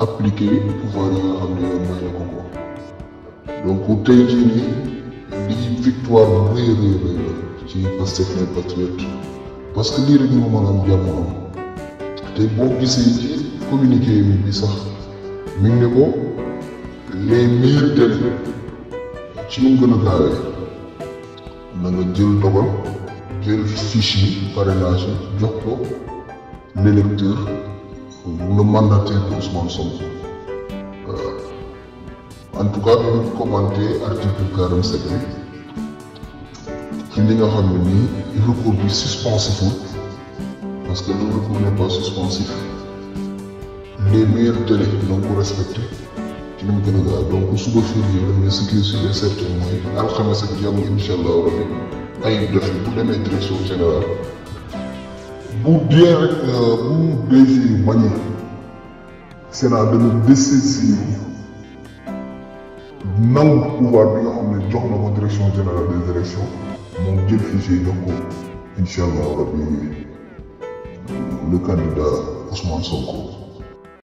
appliquer pouvoir yi nga xam ne yoon may la tey jii nii victoire bu rëy rëy la ci Pastef les Patriotes parce que lii rek ñu mën a am jàmm te boo gisee ci communiqué mi bi sax mi ne ko les meilleurs délais ci mu gën a gaawee na jël dogal jël fiche yi parrainage jox ko l'électeur le mandaté de Ousmane Sonko euh, en tout cas ñu commenté article quarante sept bi ci li nga xam ne nii recours bi suspensif parce que le recours n'est pas suspensif les meilleurs délais donc respecté ci li mu gën a gaaw donc suba férié la mais ce qui est sûr et mooy alxames ak jàmm incha allah rabi ayib def bu demee direction générale. bu dee rek euh, bu BG bañee Sénat dana décisif nangu pouvoir bi nga xam ne jox na ko direction générale des élections moom jël fichier jox ko incha allah rabi le candidat Ousmane